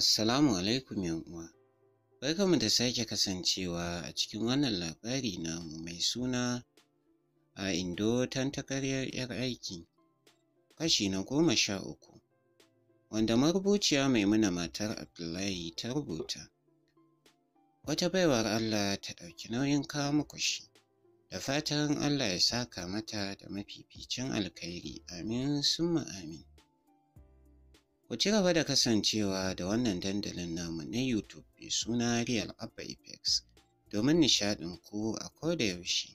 Assalamu alaikum uwa. Barkanmu da sake kasancewa a cikin wannan labari namu mai suna a indo tantakaryar 'yar aiki kashi na goma sha uku wanda marubuciya mai muna matar Abdullahi ta rubuta. wata baiwar Allah ta ɗauki nauyin kawo muku shi da fatan Allah ya saka mata da mafificin alkhairi amin summa amin ku ci gaba da kasancewa da wannan dandalin namu na YouTube mai suna Real Abba Apex domin nishaɗin ku a koda yaushe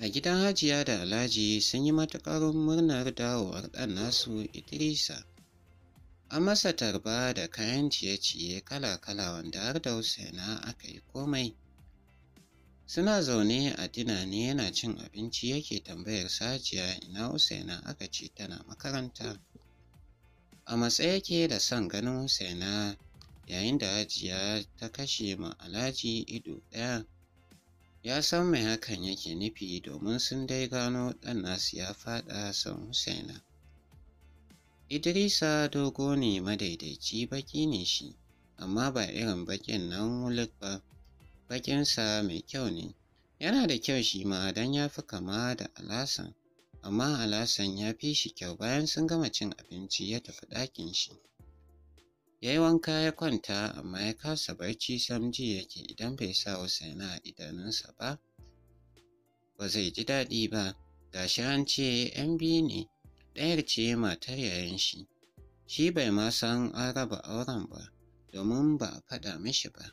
A gidan Hajiya da Alhaji sun yi matuƙar murnar dawowar ɗan nasu Idrisa. An masa tarba da kayan ciye-ciye kala-kala wanda har da Hussaina aka yi komai. Suna zaune a dina ne yana cin abinci yake tambayar Sajiya ina Hussaina aka ce tana makaranta. A matsayi yake da son ganin Husaina yayin da Hajiya ta kashe ma Alhaji ido ɗaya. Ya san mai hakan yake nufi domin sun dai gano ɗan nasu ya faɗa son Husaina. Idrisa dogo ne madaidaici baki ne shi, amma ba irin bakin nan wulik ba, bakinsa mai kyau ne. Yana da kyau shi ma don ya fi kama da Alasan, amma Alasan ya fi shi kyau bayan sun gama cin abinci ya tafi ɗakin shi. Ya yi wanka ya kwanta amma ya kasa barci sam ji yake idan bai sa Husaina a idanunsa ba ba zai ji daɗi ba shi an ce ‘yan biyu ne ɗayar ce matar yayan shi shi bai ma san an raba auren ba domin ba a faɗa mishi ba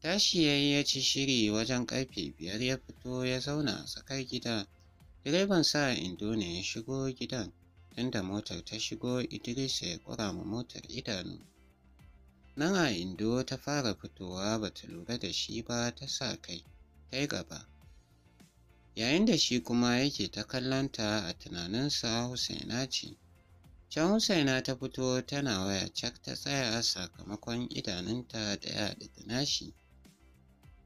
tashi ya yi ya ci shiri wajen ƙarfe biyar ya fito ya zauna a tsakar gida direban sa indo ne ya shigo gidan Inda motar ta shigo Idris ya kura ma motar idanu. Nan a indo ta fara fitowa ba ta lura da shi ba ta sa kai, ta yi gaba. Yayin da shi kuma yake ta kallonta a tunaninsa Husaina ce. Can Husaina ta fito tana waya cak ta tsaya sakamakon idanunta da yaɗa da nashi.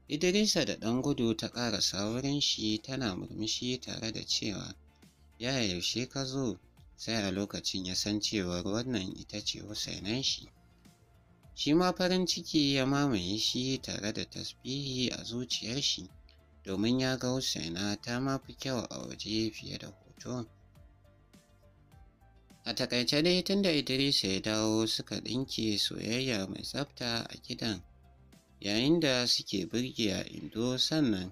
Idrisa da ɗan gudu ta ƙarasa wurin shi tana murmushi tare da cewa, Ya yaushe ka zo? sai a lokacin ya san cewar wannan ita ce husainan shi shi ma farin ciki ya mamaye shi tare da tasbihi a zuciyar shi domin ya ga husaina ta mafi kyau a waje fiye da hoto a takaice dai tun da idris ya dawo suka ɗinke soyayya mai tsafta a gidan yayin da suke birge a indo sannan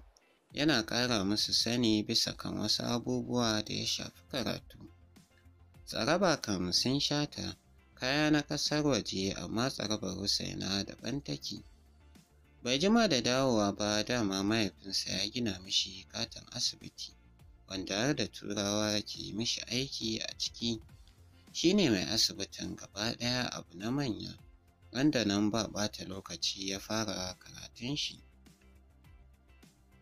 yana ƙara musu sani bisa kan wasu abubuwa da ya shafi karatu Tsaraba kam sun shata, kaya na ƙasar waje amma tsarabar Husaina daban take. Bai jima da dawowa ba dama mahaifinsa ya gina mishi katon asibiti, wanda har da turawa ke mishi aiki a ciki. Shi ne mai asibitin gaba ɗaya abu na manya, wanda nan ba ɓata lokaci ya fara karatun shi.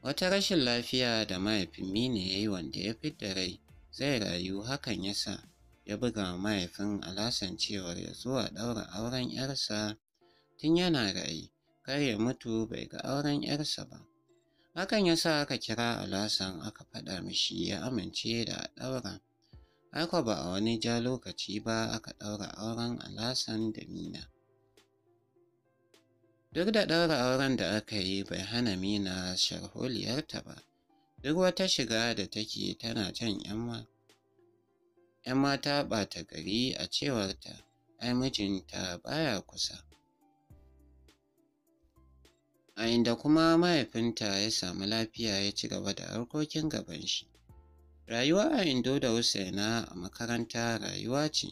Wata rashin lafiya da mahaifin Mine ya yi wanda ya fidda rai zai rayu hakan ya sa ya buga mahaifin alasan cewa ya zo a ɗaura auren 'yarsa tun yana ra'ayi kar ya mutu bai ga auren 'yarsa ba. Hakan ya sa aka kira alasan aka faɗa mishi ya amince da a ɗaura. Aiko ba a wani ja lokaci ba aka ɗaura auren alasan da Mina. Duk da ɗaura auren da aka yi bai hana Mina sharholiyarta ba, duk wata shiga da take tana jan 'yan ‘yan mata ɓata gari a cewarta ai mijinta baya kusa. A inda kuma mahaifinta ya samu lafiya ya ci gaba da harkokin gaban shi. Rayuwa a Indo da Husaina a makaranta rayuwa ce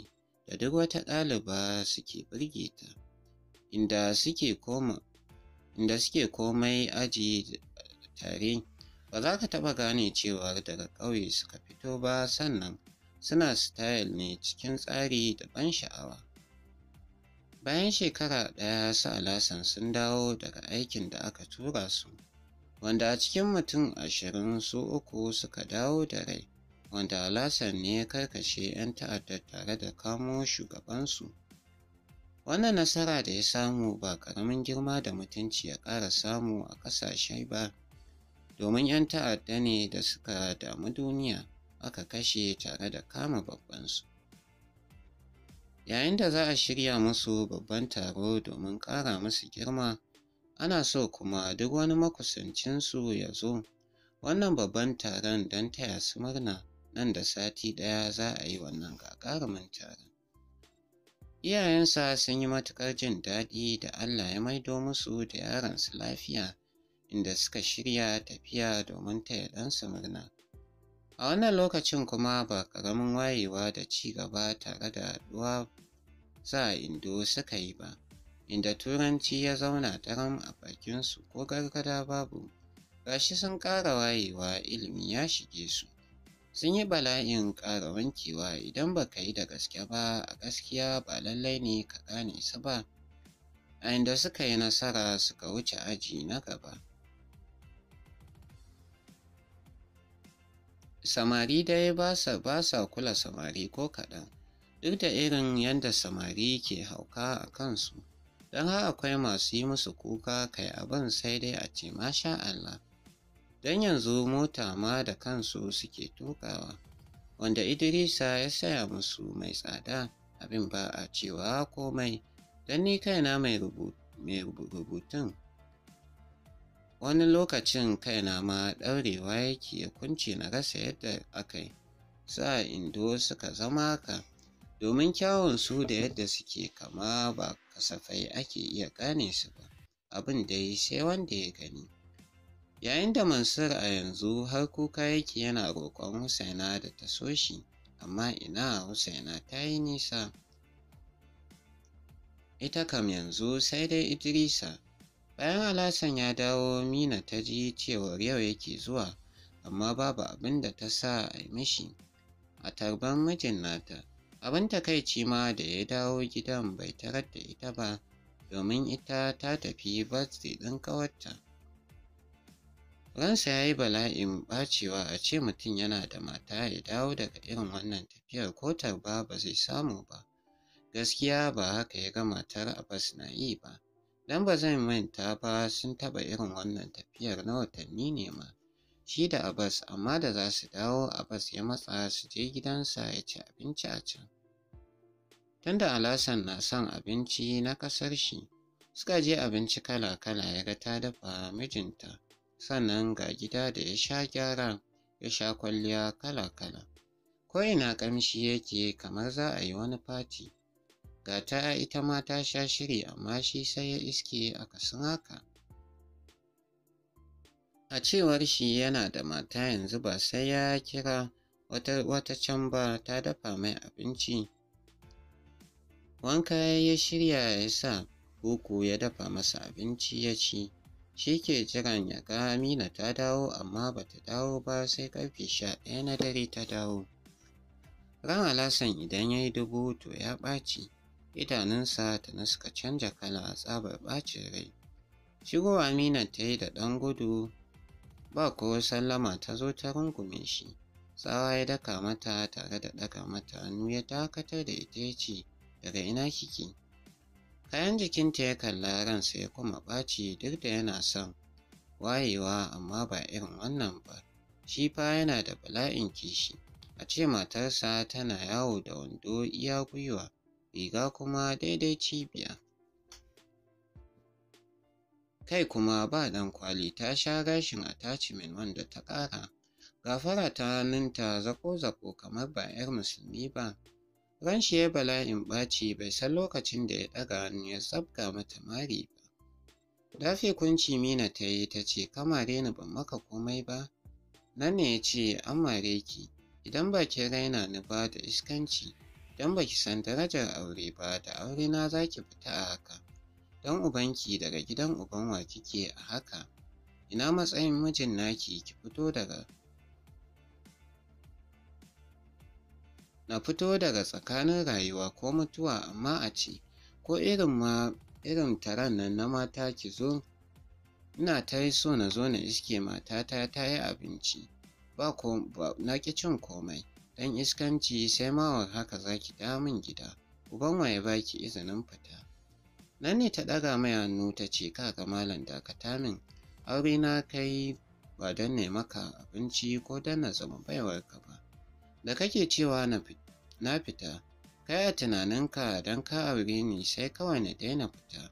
da duk wata ɗaliba suke birge ta, inda suke koma inda suke komai aji tare ba za ka taɓa gane cewar daga ƙauye suka fito ba sannan suna stayal ne cikin tsari da ban sha'awa. Bayan shekara ɗaya su alasan sun dawo daga aikin da aka tura su, wanda a cikin mutum ashirin su uku suka dawo da rai, wanda alasan ne ya karkashe 'yan ta'adda tare da kamo shugabansu. Wannan nasara da ya samu ba ƙaramin girma da mutunci ya ƙara samu a ƙasashe ba, domin 'yan ta'adda ne da suka damu duniya. aka kashe tare da kama babbansu. Yayin da za a shirya musu babban taro domin ƙara musu girma, ana so kuma duk wani makusancinsu ya zo wannan babban taron don taya su murna nan da sati ɗaya za a yi wannan gagarumin taron. Iyayensa sun yi matuƙar jin daɗi da Allah ya maido musu da yaransu lafiya inda suka shirya tafiya domin taya ɗansa murna. A wannan lokacin kuma ba ƙaramin wayewa da ci gaba tare da haɗuwa za a Indo suka yi ba, inda Turanci ya zauna daram a bakin su, ko gargada babu. Gashi sun ƙara wayewa ilimi ya shige su. Sun yi bala'in ƙara wankewa idan ba ka yi da gaske ba a gaskiya ba lallai ne ka gane su ba. A inda suka yi nasara suka wuce aji na gaba. samari dai ba sa kula samari ko kaɗan duk da irin yadda samari ke hauka a kansu don har akwai masu yi musu kuka kai abin sai dai a ce masha Allah don yanzu mota ma da kansu suke tukawa wanda Idrisa ya saya musu mai tsada abin ba a cewa komai don ni kaina mai rubutun wani lokacin kaina ma ɗaurewa yake ya kunce na rasa yadda aka yi sa indo suka zama haka domin kyawun su da yadda suke kama ba kasafai ake iya gane su ba abin da yi sai wanda ya gani yayin da mansur a yanzu har kuka yake yana roƙon husaina da ta so shi amma ina husaina ta yi nisa ita kam yanzu sai dai idrisa Bayan alasan ya dawo Mina ta ji cewar yau yake zuwa amma babu abin da ta sa a mishi a tarban mijin nata. Abin takaici ma da ya dawo gidan bai tarar da ita ba domin ita ta tafi birthday ɗin ƙawarta. Ransa ya yi bala'in ɓacewa a ce mutum yana da mata ya dawo daga irin wannan tafiyar ko tarba ba zai samu ba. Gaskiya ba haka ya ga matar Abbas na yi ba. Dan ba zan manta ba sun taɓa irin wannan tafiyar na watanni ne ma. Shi da Abbas amma da za su dawo Abbas ya matsa su je gidansa ya ci abinci a can. Tunda Alasan na son abinci na ƙasar shi, suka je abinci kala-kala ya ga ta dafa mijinta, sannan ga gida da ya sha gyara ya sha kwalliya kala-kala. Ko ina ƙamshi yake kamar za a yi wani fati. Ga ta ita ma ta sha shiri amma shi sai ya iske a kasan haka. A cewar shi yana da mata yanzu ba sai ya kira wata, can ba ta dafa mai abinci. Wanka ya shirya ya sa kuku ya dafa masa abinci ya ci. Shi ke jiran ya ga Amina ta dawo amma ba ta dawo ba sai karfe sha ɗaya na dare ta dawo. Ran Alasan idan ya yi dubu to ya ɓaci. idanunsa na suka canja kala a tsabar ɓacin rai Shigo amina ta yi da ɗan gudu ba ko sallama ta zo ta rungume shi tsawa ya daka mata tare da daga mata hannu ya dakatar da ita ya ce daga ina kike kayan jikinta ya kalla ransa ya kuma ɓaci duk da yana son wayewa amma ba irin wannan ba shi fa yana da bala'in kishi a ce matarsa tana yawo da wando iya gwiwa riga kuma daidai cibiya. Kai kuma ba ɗan kwali ta sha gashin attachment wanda ta ƙara. Gafara ta hannunta zako-zako kamar ba 'yar musulmi ba. Ran shi ya bala'in ɓaci bai san lokacin da ya ɗaga hannu ya tsabga mata mari ba. Dafe kunci Mina ta yi ta ce kamare ni ban maka komai ba. Nan ne ya ce an mare ki idan ba ki raina ni ba da iskanci. Idan baki san darajar aure ba da aure na za ki fita a haka. Don ki daga gidan uban wa kike a haka. Ina matsayin mijin naki ki fito daga na fito daga tsakanin rayuwa ko mutuwa amma a ce ko irin ma irin taron nan na mata ki zo ina ta yi so na zo na iske matata ta yi abinci ba na ki cin komai Dan iskanci sai ma haka zaki da min gida, uban waye ya baki izinin fita. Nan ne ta ɗaga mai hannu ta ce ga malam dakata min, aure na kai ba don ne maka abinci ko don na zama baiwarka ba. Da kake cewa na fita, kai a tunaninka dan ka aure ni sai kawai na daina fita.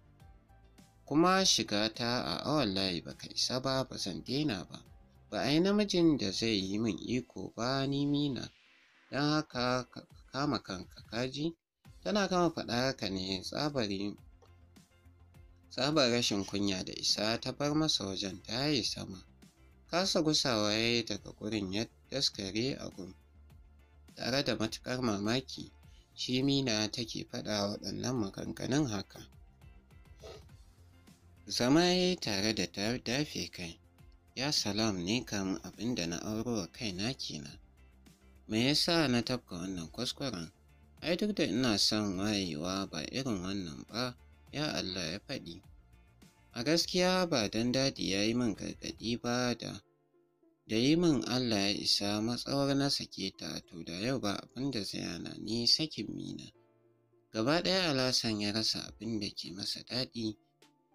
Kuma shiga ta a awon layi baka isa ba ba zan daina ba, ba a namijin da zai yi min iko ba ni mina. don haka kama kanka kaji tana kama faɗa haka ne tsabari tsabar rashin kunya da isa ta bar masa wajen ta yi sama kasa gusawa ya yi daga gurin ya daskare a gun tare da matuƙar mamaki shi mina take faɗa waɗannan maganganun haka zama ya yi tare da dafe kai ya salam ne kan abinda na auro wa kaina kenan me yasa na tafka wannan kuskuren ai duk da ina son wayewa ba irin wannan ba ya Allah ya faɗi a gaskiya ba don dadi ya yi min gargaɗi ba da da yi min Allah ya isa matsawar na sake ta to da yau ba abin da zai ni sakin mina gaba ɗaya alasan ya rasa abin da ke masa daɗi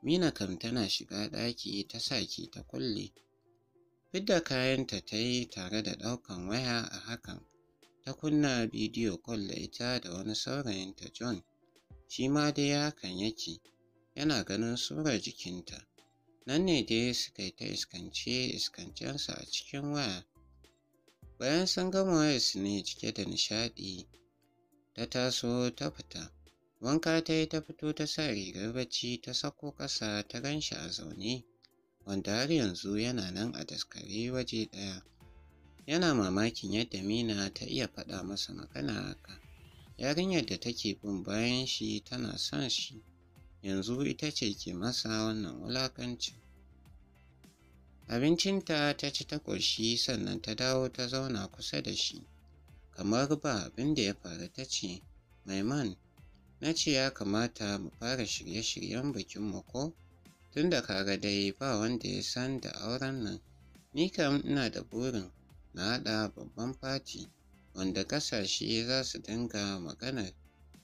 mina kam tana shiga ɗaki ta saki ta kulle Fidda kayanta ta yi tare da ɗaukan waya a hakan, ta kunna bidiyo kwal da ita da wani saurayinta John, shi ma dai hakan yake, yana ganin surar jikinta. Nan ne dai suka yi ta iskance iskancensa a cikin waya. Bayan sun gama wayar su ne cike da nishaɗi, ta taso ta fita. Wanka ta yi ta fito ta sa rigar bacci ta sako ƙasa ta ganshi a zaune. wanda har yanzu yana nan a daskare waje ɗaya. Yana mamakin yadda Mina ta iya faɗa masa magana haka. Yarinyar da take bin bayan shi tana son shi, yanzu ita ce ke masa wannan wulakancin. Abincinta ta ci ta ƙoshi sannan ta dawo ta zauna kusa da shi, kamar ba abin da ya faru ta ce, Maiman, na ce ya kamata mu fara shirye-shiryen bikinmu ko? tunda kaga dai ba wanda ya san da auren nan ni kam ina da burin na haɗa babban fati wanda ƙasashe za su dinga maganar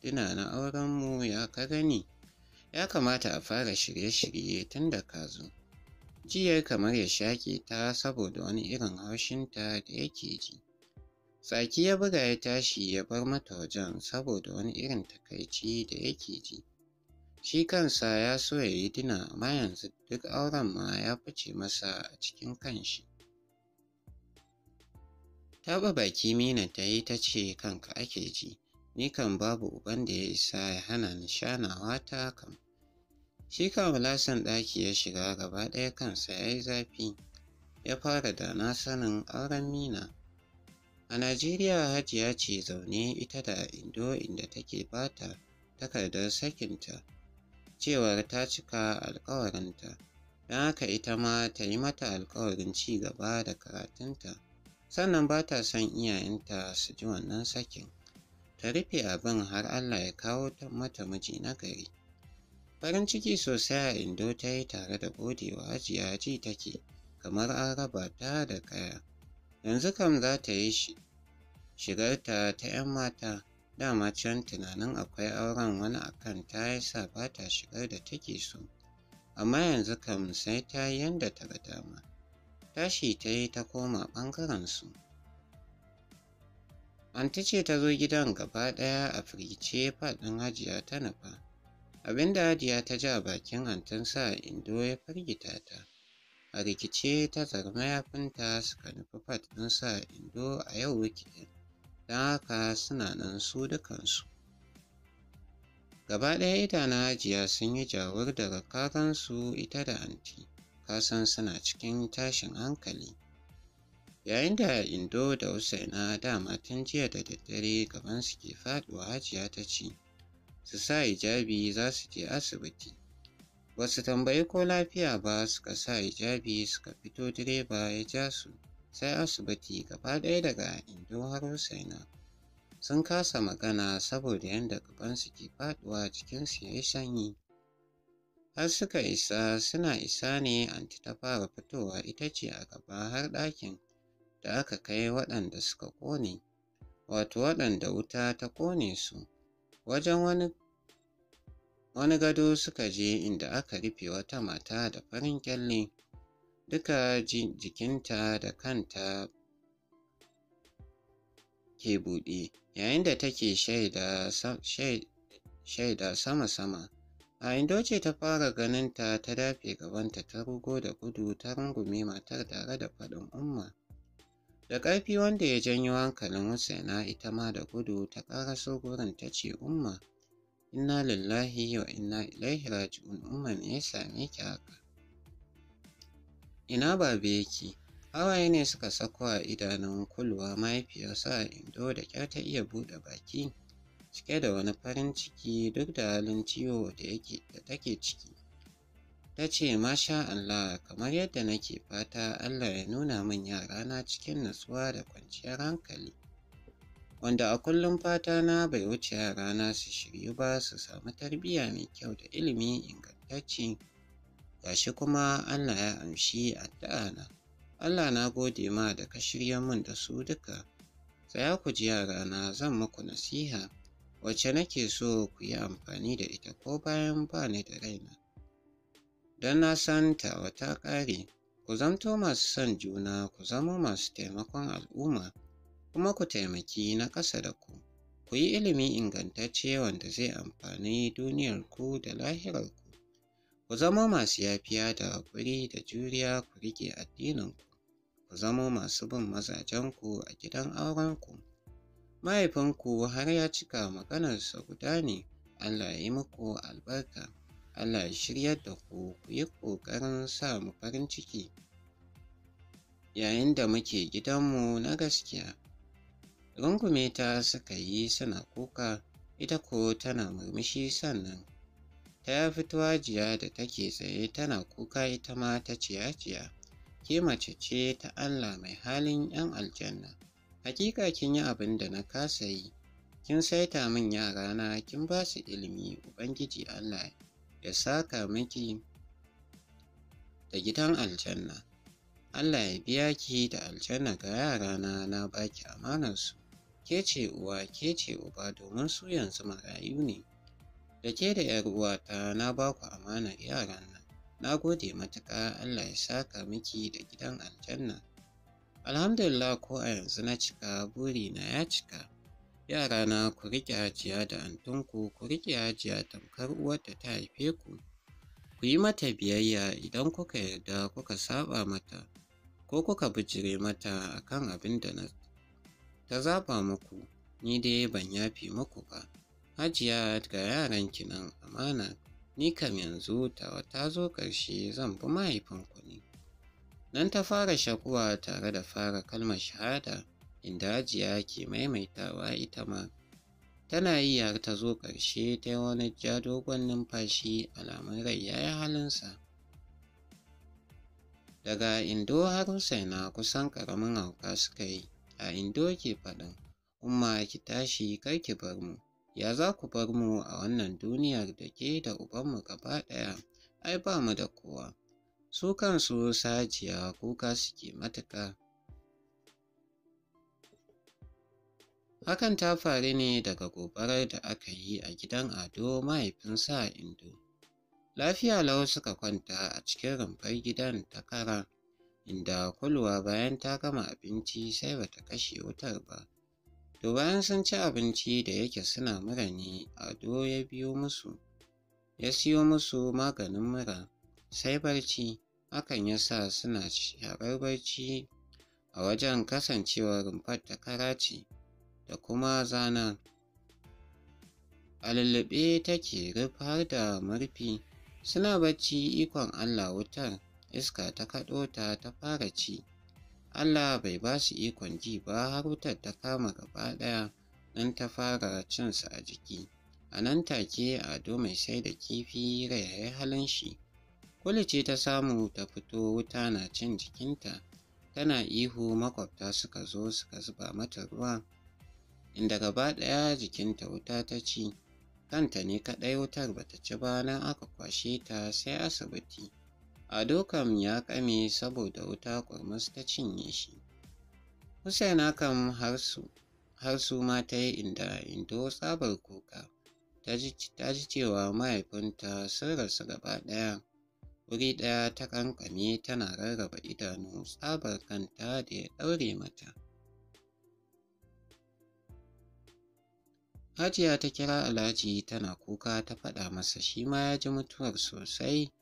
tuna na aurenmu ya ka gani ya kamata a fara shirye-shirye tun da ka zo jiya kamar ya shaƙe ta saboda wani irin haushinta da yake ji Saki ya buga ya tashi ya bar mata wajen saboda wani irin takaici da yake ji Shi kansa ya so ya yi dina amma yanzu duk auren ma ya fice masa a cikin kanshi. Taɓa baki Mina ta yi ta ce kanka ake ji, ni kan babu uban da ya isa ya hana ni shanawa ta kam. Shi kan wulasan ɗaki ya shiga gaba ɗaya kansa ya yi zafi, ya fara da na sanin auren Mina. A Najeriya Hajiya ce zaune ita da Indo inda take bata takardar sakinta. cewar ta cika alkawarinta don haka ita ma ta yi mata alkawarin ci gaba da karatunta sannan ba ta son iyayenta su ji wannan sakin ta rufe abin har Allah ya kawo mata miji na gari farin ciki sosai a indo ta yi tare da godewa hajiya ji take kamar an raba ta da kaya yanzu kam za ta yi shigarta ta 'yan mata dama can tunanin akwai auren wani akan ta yasa ba ta shigar da take so amma yanzu kam sai ta yi yanda ta ga dama tashi ta yi ta koma ɓangaren su anti ce ta zo gidan gaba ɗaya a firgice faɗin hajiya ta nufa abinda hajiya ta a bakin antin sa indo ya firgita ta a rikice ta zarma yafinta suka nufi fat ɗin sa indo a yau wikidin da haka suna nan su dukansu. Gaba ɗaya na Hajiya sun yi jawar daga kakansu ita da anti, kasan suna cikin tashin hankali. Yayin da Indo da Usaina dama tun jiya da daddare gabansu ke faɗuwa Hajiya ta ce, su sa hijabi za su je asibiti. Ba su tambayi ko lafiya ba suka sa hijabi suka fito direba ya ja su. sai asibiti gaba ɗaya daga indo har husaina sun kasa magana saboda yadda gabansu ke faɗuwa cikinsu ya yi sanyi har suka isa suna isa ne anti ta fara fitowa ita ce a gaba har ɗakin da aka kai waɗanda suka ƙone wato waɗanda wuta ta kone su wajen wani gado suka je inda aka rufe wata mata da farin kyalle duka jikinta da kanta ke buɗe yayin da take shaida sama-sama a indoce ta fara ganinta ta dafe gabanta ta rugo da gudu ta rungume matar tare da faɗin umma da ƙarfi wanda ya janyo hankalin yana ita ma da gudu ta ƙara gurin ta ce umma inna lillahi wa inna ilaihi raji'un umma me ya same ki haka Ina babe yake? Hawaye ne suka sako a idanun kulwa mahaifiyarsa a indo da ƙyar ta iya buɗe baki cike da wani farin ciki duk da halin ciwo da yake da take ciki. Ta ce masha Allah kamar yadda nake fata Allah ya nuna min yarana cikin natsuwa da kwanciyar hankali. Wanda a kullum fata na bai wuce yarana su shiryu ba su samu tarbiyya mai kyau da ilimi ingantacce. gashi kuma Allah ya amshi addu'ana. Allah na gode ma da ka shirya min da su duka. Tsaya ku ji yarana zan muku nasiha wacce nake so ku yi amfani da ita ko bayan ba ni da raina. Don na san tawa ta ƙare, ku zamto masu son juna ku zama masu taimakon al'umma kuma ku taimaki na ƙasa da ku. Ku yi ilimi ingantacce wanda zai amfani duniyarku da lahirarku. Ku zamo masu yafiya da haƙuri da juriya ku riƙe addininku. Ku zamo masu bin mazajenku a gidan aurenku. Mahaifinku har ya cika maganarsa guda ne, Allah ya yi muku albarka. Allah ya shiryar da ku ku yi ƙoƙarin sa mu farin ciki. Yayin da muke gidanmu na gaskiya. Rungume ta suka yi suna kuka, ita ko tana murmushi sannan. ta fito hajiya da take tsaye tana kuka ita ma ta ciyaciya? ciya Ke mace ce ta Allah mai halin 'yan aljanna. Hakika kin yi abin da na kasa yi. Kin saita min yarana kin ba su ilimi Ubangiji Allah ya saka miki da gidan aljanna. Allah ya biya ki da aljanna ga yarana na baki amanarsu. Ke ce uwa ke ce uba domin su yanzu marayu ne. da ke da 'yar uwata na ba ku amanar yaran nan na gode matuƙa Allah ya saka miki da gidan aljanna alhamdulillah ko a yanzu na cika buri na ya cika yarana ku riƙe ajiya da antunku ku riƙe ajiya tamkar uwarta ta haife ku ku yi mata biyayya idan kuka yarda kuka saɓa mata ko kuka bijire mata akan abin da na ta zaba muku ni dai ban yafe muku ba Hajiya ga yaran ki nan amana, ni kam yanzu tawa ta zo ƙarshe zan bi mahaifinku ne. Nan ta fara shakuwa tare da fara kalmar shahada inda Hajiya ke maimaitawa ita ma. Tana yi har ta zo ƙarshe ta yi wani ja dogon numfashi alamun rai ya yi halinsa. Daga Indo har na kusan ƙaramin hauka suka yi, a Indo ke faɗin, Umma ki tashi kar ki bar mu. ya za ku bar mu a wannan duniyar da ke da ubanmu gaba ɗaya ai ba mu da kowa su kansu sajiya kuka suke matuka. hakan ta faru ne daga gobarar da aka yi a gidan ado mahaifinsa a indo lafiya lau suka kwanta a cikin rumfar gidan ta kara inda kulwa bayan ta gama abinci sai bata kashe wutar ba To bayan sun ci abinci da yake suna mura ne, Ado ya biyo musu, ya siyo musu maganin mura, sai barci, hakan ya sa suna shaƙar barci a wajen kasancewar rumfar ta karaci da kuma zana. A lullube take rufar da murfi, suna barci ikon Allah wutar, iska ta kaɗo ta fara ci. Allah bai ba su ikon ji ba har wutar ta kama gaba ɗaya nan ta fara cin su a jiki. A nan take Ado mai sai da kifi rayaye halin shi. Kuli ce ta samu ta fito wuta na cin jikinta, tana ihu makwabta suka zo suka zuba mata ruwa, inda gaba ɗaya jikinta wuta ta ci, kanta ne kaɗai wutar bata ci ba nan aka kwashe ta sai asibiti. Ado kam ya ƙame saboda wuta ƙurmus ta cinye shi. Husaina kam har su ma ta yi inda indo tsabar kuka. Ta ji cewa mahaifinta sun rasu gaba ɗaya. Wuri ɗaya ta ƙanƙame tana rarraba idanu tsabar kanta da ya ɗaure mata. Hajiya ta kira Alhaji tana kuka ta faɗa masa shi ma ya ji mutuwar sosai.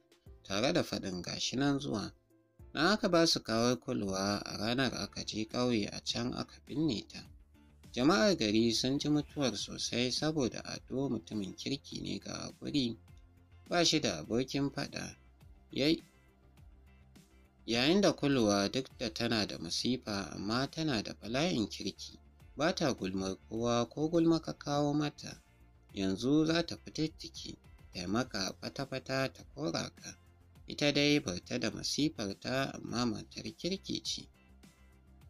tare da faɗin gashi nan zuwa. Na aka ba su kawar kulwa a ranar aka je ƙauye a can aka binne ta. Jama'ar gari sun ji mutuwar sosai saboda Ado mutumin kirki ne ga guri ba shi da abokin faɗa. Yayin da kulwa duk da tana da masifa amma tana da bala'in kirki, ba ta gulmar kowa ko gulma ka kawo mata, yanzu za ta fitattiki, taimaka fata-fata ta kora ka. ita dai ta da masifarta amma matar kirki ce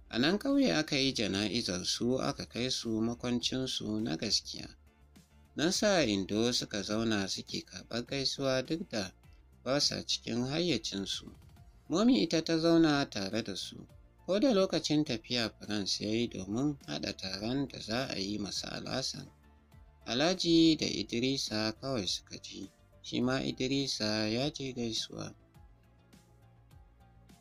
a nan ƙauye aka yi jana'izarsu aka kai su makwancinsu na gaskiya nan sa indo suka zauna suke karɓar gaisuwa duk da ba sa cikin hayyacinsu momi ita ta zauna tare da su ko da lokacin tafiya france ya yi domin haɗa taron da za a yi masa alasan alhaji da idrisa kawai suka ji Shima ma Idrisa ya je gaisuwa.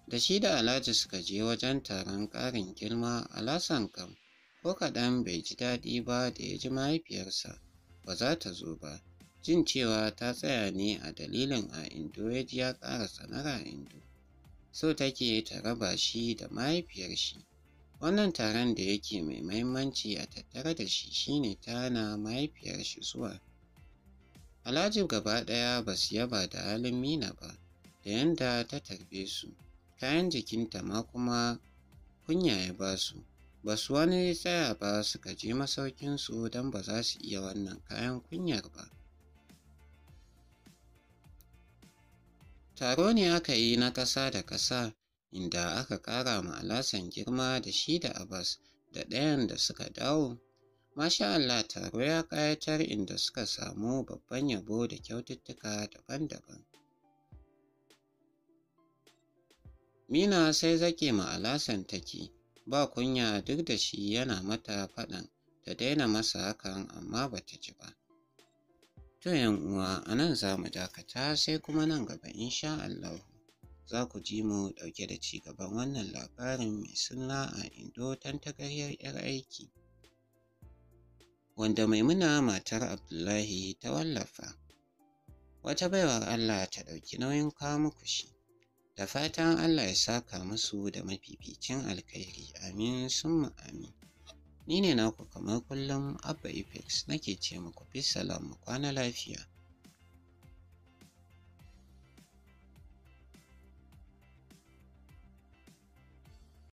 Da shi da Alhaji suka je wajen taron ƙarin girma Alhassan kam ko kaɗan bai ji daɗi ba da ya ji mahaifiyarsa ba za ta zo ba. Jin cewa ta tsaya ne a dalilin a indo ya ji ya ƙara sanar a indo. So take ta raba shi da mahaifiyar shi. Wannan taron da yake mai mahimmanci a tattare da shi shine tana mahaifiyar shi zuwa. Alhaji gaba ɗaya ba su yaba da halin Mina ba da yanda ta tarbe su, kayan jikinta ma kuma kunya ya ba su. Ba su wani tsaya ba suka je masaukinsu don ba za su iya wannan kayan kunyar ba. Taro ne aka yi na ƙasa da ƙasa inda aka ƙara ma Alasan girma da shi da abas, da ɗayan da suka dawo Masha Allah taro ya kayatar inda suka samu babban yabo da kyaututtuka daban-daban. Mina sai zake ma alasan take, ba kunya duk da shi yana mata faɗan ta daina masa hakan amma ba ta ji ba. To 'yan uwa a nan za mu dakata sai kuma nan gaba insha Allah za ku ji mu ɗauke da ci gaban wannan labarin mai suna a indo tantagaryar 'yar aiki. wanda Maimuna matar Abdullahi ta wallafa. Wata baiwar Allah ta ɗauki nauyin kawo muku shi, da fatan Allah ya saka musu da mafificin alkhairi amin summa amin. Ni ne naku kamar kullum Abba Apex nake ce muku fi salam kwana lafiya.